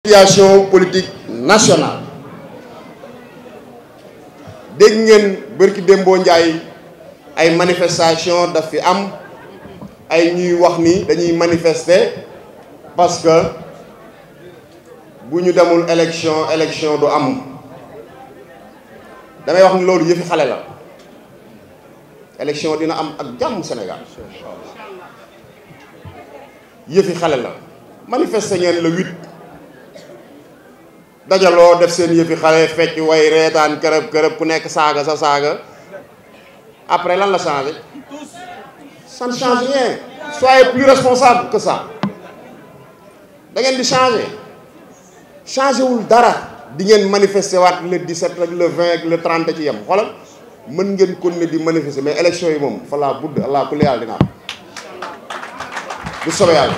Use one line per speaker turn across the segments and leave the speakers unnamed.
situation politique nationale dégg ngeen bërki démboo njaay ay manifestation daf fi am ay ñuy wax ni dañuy manifeste parce que bu ñu demul élection élection du am damay wax ni loolu yëfi xale la élection dina am ak jàmm Sénégal yëfi xale la manifester ngeen le 8 dajaloo def seen yëfi xale fecc woy reetaan kërëb kërëb ku nekk saaga sa saaga après lan la changé ça ne change rien soyez plus responsable que ça da ngeen di changé changé wul dara di ngeen manifester waat le 17 ak le 20 ak le 30 ci yem xoolal mën ngeen kon ne di manifester mais élection yi moom fa laa budd allah kulli yàlla dina am bu soobee yàlla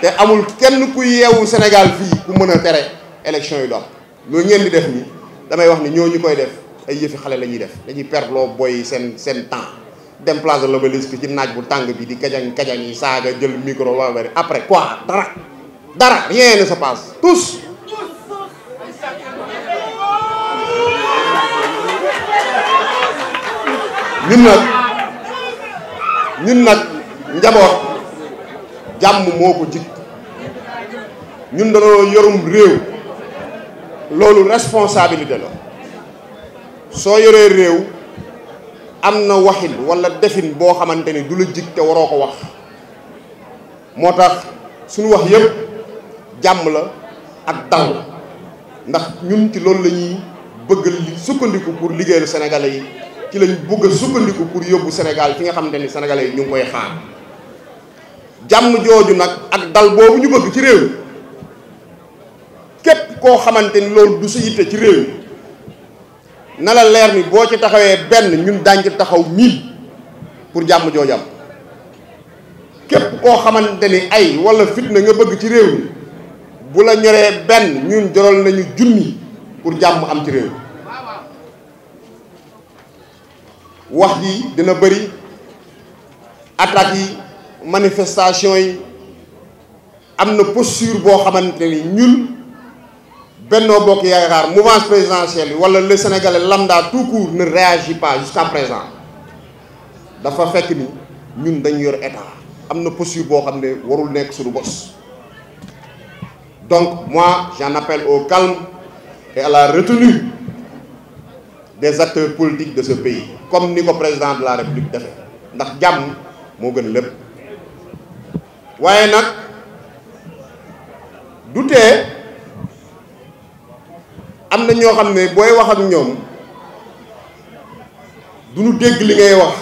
te amul kenn ku yeewu Sénégal fii ku mën a tere. élection yi dox loolu ñeen di def nii damay wax ni ñooñu koy def ay yëfi xale la ñuy def dañuy perloo boy seen seen temps dem place de l'Obélisque ci naaj bu tàng bi di kajang kajang yi saaga jël micro wala bari après quoi dara dara rien ne se passe tous ñun nag ñun nag njaboot jàmm moo ko jig ñun dañoo yorum réew loolu responsabilité la soo yoree réew am na waxin walla defin boo xamante ni du la jig te waroo ko wax moo tax suñu wax yëpp jàmm la ak dal ndax ñun ci loolu la ñuy bëgg sukkandiku pour liggéeyal sénégalais yi ci lañ bëgg a sukkandiku pour yóbbu Sénégal fi nga xamante ni sénégalais yi ñu ngi koy jàmm jooju nag ak dal boobu ñu bëgg ci réew koo xamante ni loolu du sa yitte ci réew mi na la leer ni boo ci taxawee benn ñun daañ ci taxaw mille pour jàmm jooju am képp koo xamante ni ay wala fitna nga bëgg ci réew mi bu la ñoree benn ñun joral nañu junni pour jàmm am ci réew wax yi dina bëri attaques yi manifestation yi am na posture boo xamante ni ñun Benno Bokk Yaakaar mouvance présidentielle wala le Sénégalais lambda tout court ne réagit pas jusqu'à présent dafa fekk ni ñun dañu yor état am na posture boo xam ne warul nekk suñu bos donc moi j'en appelle au calme et la retenue des acteurs politiques de ce pays comme ni ko président de la république defee ndax jàmm moo gën lépp waaye nag du am na ñoo xam ne booy wax ak ñoom du ñu dégg li ngay wax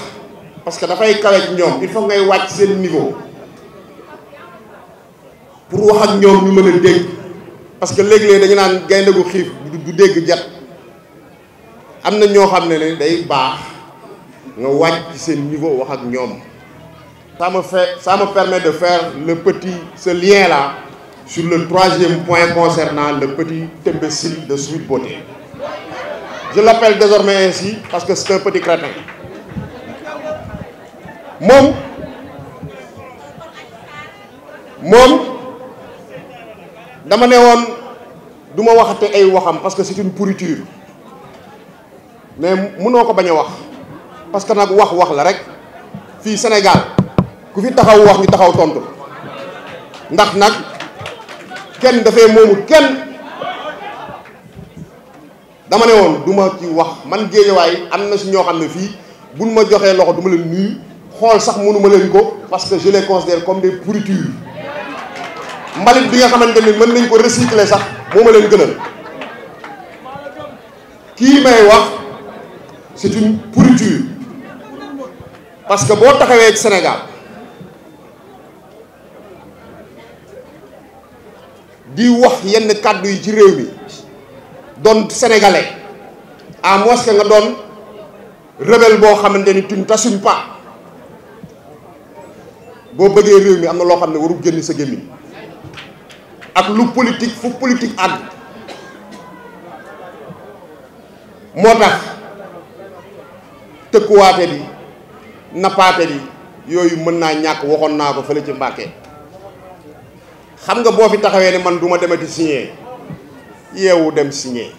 parce que dafay kawe ak ñoom il faut ngay wàcc seen niveau pour wax ak ñoom ñu mën a dégg parce que léeg dañu naan gaynde gu xiif du dégg jat am na ñoo xam ne ne day baax nga wàcc seen niveau wax ak ñoom ça ma fait ça ma permet de faire le petit ce lien la sur le troisième point concernant le petit imbécile de Sweet Beauté. Je l'appelle désormais ainsi parce que c'est un petit crétin. moom moom dama ne woon du ma waxate ay waxam parce que c'est une pourriture mais mënoo ko bañ a wax parce que nag wax wax la rek fii Sénégal ku fi taxaw wax ñu taxaw tontu ndax nag kenn dafay moomu kenn dama ne woon duma ma wax man géejawaay am na si ñoo xam ne fii buñ ma joxee loxo duma leen nuyu xool sax mënu leen ko parce que je les considère comme des pourritures mbalit bi nga xamante ni mën nañ ko recycler sax moo ma leen gënal kii may wax c'est une pourriture parce que boo taxawee ci Sénégal di wax yenn kàddu yi ci réew mi doon sénégalais à moins nga doon rebelle boo xamante ni tu ne boo bëggee réew mi am na loo xam ne warul génn sa gémmiñ ak lu politique fu politique àgg moo tax tëkkuwaate bi nappaate bi yooyu mën naa ñàkk waxoon naa ko fële ci Mbàkke xam nga boo fi taxawee ne man duma ma demati signé yeewu dem signé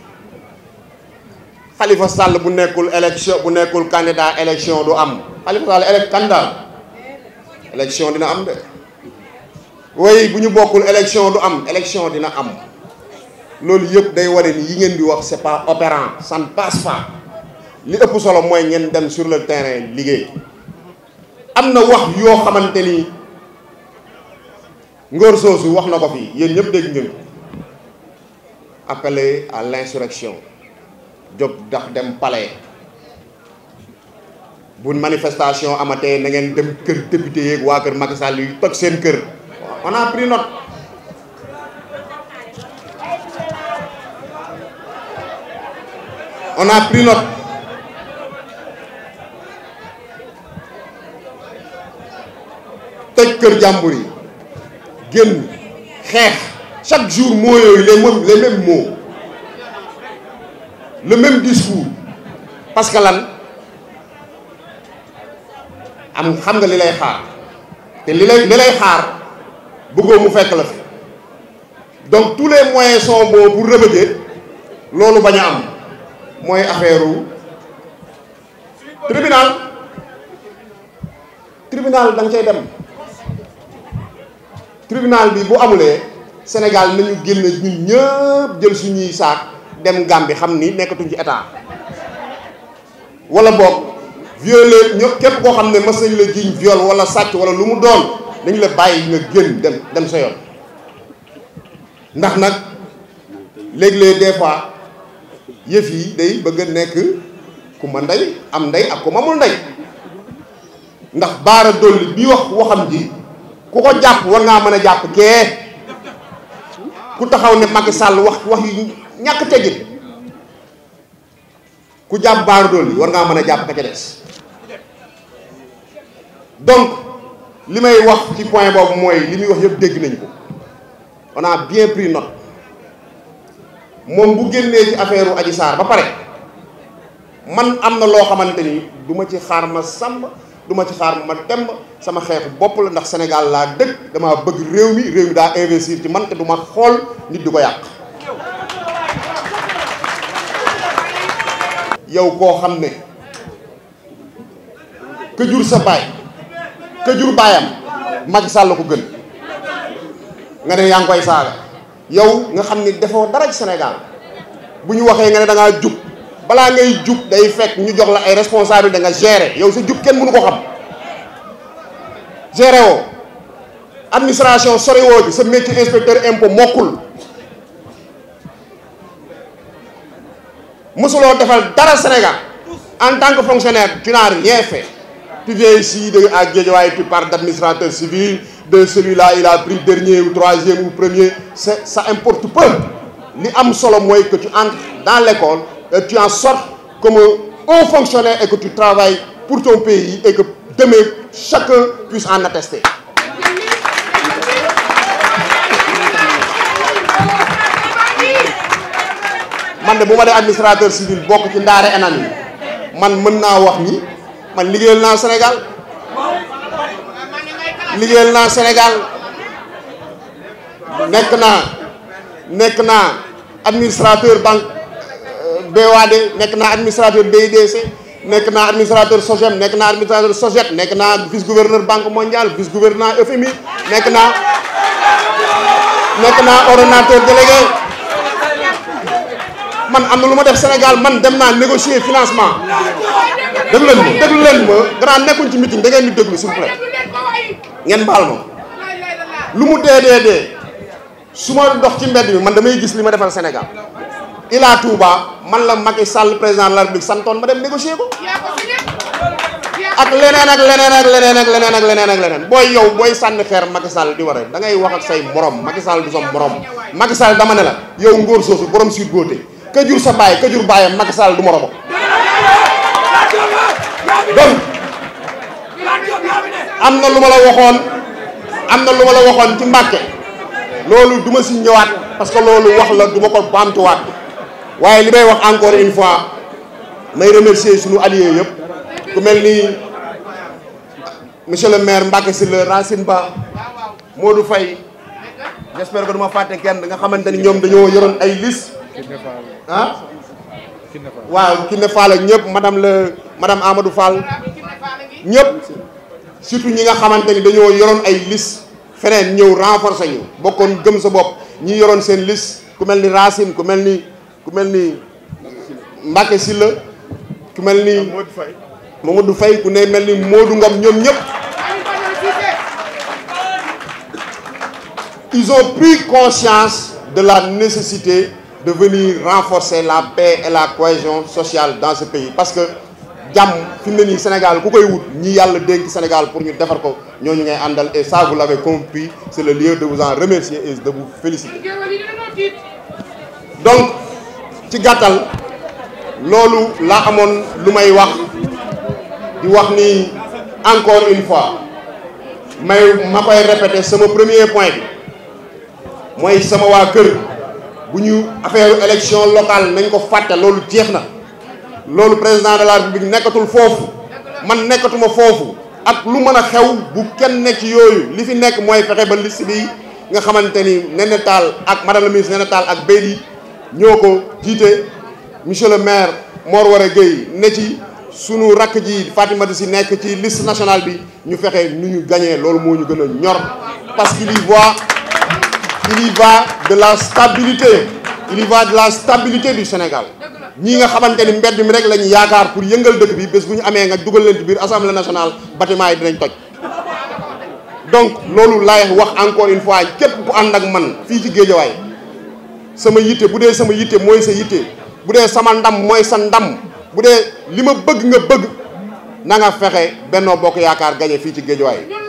Khalifa sàll bu nekkul élection bu nekkul candidat élection du am Khalifa Sall élec candidat dina am de way bu ñu bokkul élection du am élection dina am loolu yëpp day ware ni yi ngeen di wax c'est pas opérant ça ne passe pas li ëpp solo mooy ngeen dem sur le terrain liggéey am na wax yoo xamante ni ngóor soosu wax na ko fii yéen ñëpp dégg ngeen ko à l'insurrection jóg ndax dem palais bu manifestation amatee na ngeen dem kër député yeeg waa kër Macky yu toj seen kër on a pris note on a toj kër jàmbur yi génn xeex chaque jour moo yooyu les mêmes les mêmes mots le même discours parce que lan am xam nga li lay xaar te li lay li lay xaar bëggoo mu fekk la fi donc tous les moyens sont bons pour remédier loolu bañ a am mooy affaire u tribunal tribunal da nga cay dem. tribunal bi bu amulee senegal nañu génn ñun ñëpp jël suñuy saak dem Gambie xam ni nekkatuñ ci état wala boog violé ñëpp képp koo xam ne mës nañ la jiñ viol wala sàcc wala lu mu doon nañ la bàyyi nga génn dem dem sa yoon ndax nag léeg-léeg des fois yëf yi day bëgg nekk ku ma ndey am ndey ak ku ma amul ndey ndax baara dolli bi wax waxam ji. ku ko jàpp war ngaa mën a jàpp kee ku taxaw ne Macky sàll wax wax yu ñàkk teggin ku jàpp Bara yi war ngaa mën a jàpp ka ca des donc li may wax ci point boobu mooy li muy wax yëpp dégg nañ ko on a bien pris note moom bu génnee ci affaire u Adji ba pare man am na loo xamante ni du ma ci xaar ma sàmm du ma ci xaar ma dem sama xeexu bopp la ndax Sénégal laa dëkk damaa bëgg réew mi réew mi daa investir ci man te du ma xool nit du ko yàq. yow koo xam ne ka jur sa baay ka jur baayam Macky Sall ko gën nga ne yaa ngi koy saaga yow nga xam ne defoo dara ci Sénégal bu ñu waxee nga ne da jub. balaa ngay jub day fekk ñu jox la ay responsable da nga gérer yow sa jub kenn mënu ko xam gérer woo administration sori woo ci sa métier inspecteur impôt mokkul mësuloo defal dara Sénégal en tant que fonctionnaire tu n'as rien fait tu viens ici de à Guédiawaye tu parles d'administrateur civil de celui la il a dernier ou troisième ou premier c'est ça importe peu li am solo mooy que tu entres dans l'école tu en sortes comme un haut fonctionnaire tu travailles pour ton pays et que chacun puisse en attester. man de bu ma dee administrateur civil bokk ci ndaare enan yi man mën naa wax ni man liggéeyal naa Sénégal liggéeyal naa Sénégal nekk naa nekk naa administrateur banque BOAD nekk naa administrateur BIDC nekk naa administrateur SOGEM nekk naa administrateur SOGET nekk naa vice gouverneur banque mondiale vice gouverneur FMI nekk naa nekk naa ordonnateur délégué man am na lu ma def Sénégal man dem naa négocier financement déglu leen ma déglu leen ma grand nekkuñ ci meeting da ngeen di déglu s'il vous plaît ngeen baal ma lu mu dee dee dee su ma dox ci mbedd bi man damay gis li ma defal Sénégal Ila Touba man la Macky Sall président de la République santoon ma dem négocier ko. ak leneen ak leneen ak leneen ak leneen ak leneen ak leneen booy yow booy sànni xeer Macky di waree da ngay wax ak say borom Macky Sall du som borom Macky Sall dama ne la yow ngóor soosu borom suy góote ka jur sa baay ka jur baayam Macky Sall am na lu ma la waxoon am na lu ma la waxoon ci Mbàkke loolu duma si ñëwaat parce que loolu wax la duma ko baamtuwaat. waaye li may wax encore une fois may remercier suñu alliés yëpp ku mel ni monsieur le maire Mbacké Sylla Racine Ba Modou Faye j'espère que duma fàtte kenn nga xamante ni ñoom dañoo yoroon ay liste ah waaw Kiné Fall ak ñëpp madame le madame Amadou Fall ñëpp surtout ñi nga xamante ni dañoo yoroon ay liste feneen ñëw renforcer ñu bokkoon gëm sa bopp ñi yoroon seen liste ku mel ni Racine ku mel ni ku mel ni Mbacke Sylla ku mel ni Mamadou Faye ku ne mel ni Modou Ngom ñoom ñëpp ils ont pris conscience de la nécessité de venir renforcer la paix et la cohésion sociale dans ce pays parce que jàmm fi mu ne nii Sénégal ku koy wut ñi yàlla dénk Sénégal pour ñu defar ko ñooñu ngay àndal et ça vous l'avez compris c'est le lieu de vous en remercier et de vous féliciter donc ci gàttal loolu laa amoon lu may wax di wax ni encore une fois may ma koy répéter sama premier point bi mooy sama waa kër bu ñu affaire élection locale nañ ko fàtte loolu jeex na loolu président de la république nekkatul foofu man nekkatuma foofu ak lu mën a xew bu kenn nekk ci yooyu li fi nekk mooy fexe ba liste bi nga xamante ni Néné ak madame la ministre Néné ak ak Beydi ñoo ko jiite monsieur le maire war a Gueye ne ci sunu rakk ji Fatimata si nekk ci liste national bi ñu fexe nu ñu gañee loolu moo ñu gën ñor parce qu'il y voit il y de la stabilité il y va de la stabilité du Sénégal ñii nga xamante ni mbedd mi rek la ñu yaakaar pour yëngal dëkk bi bés bu ñu amee nga dugal biir assemblée nationale bâtiment bi dinañ toj donc loolu laay wax encore une fois képp ku ànd ak man fii ci Géejawaay sama yitte bu dee sama yitte mooy sa yitte bu dee sama ndam mooy sa ndam bu dee li ma bëgg nga bëgg na fexe bennoo Bokk Yaakaar gañe fii ci Guédiawaye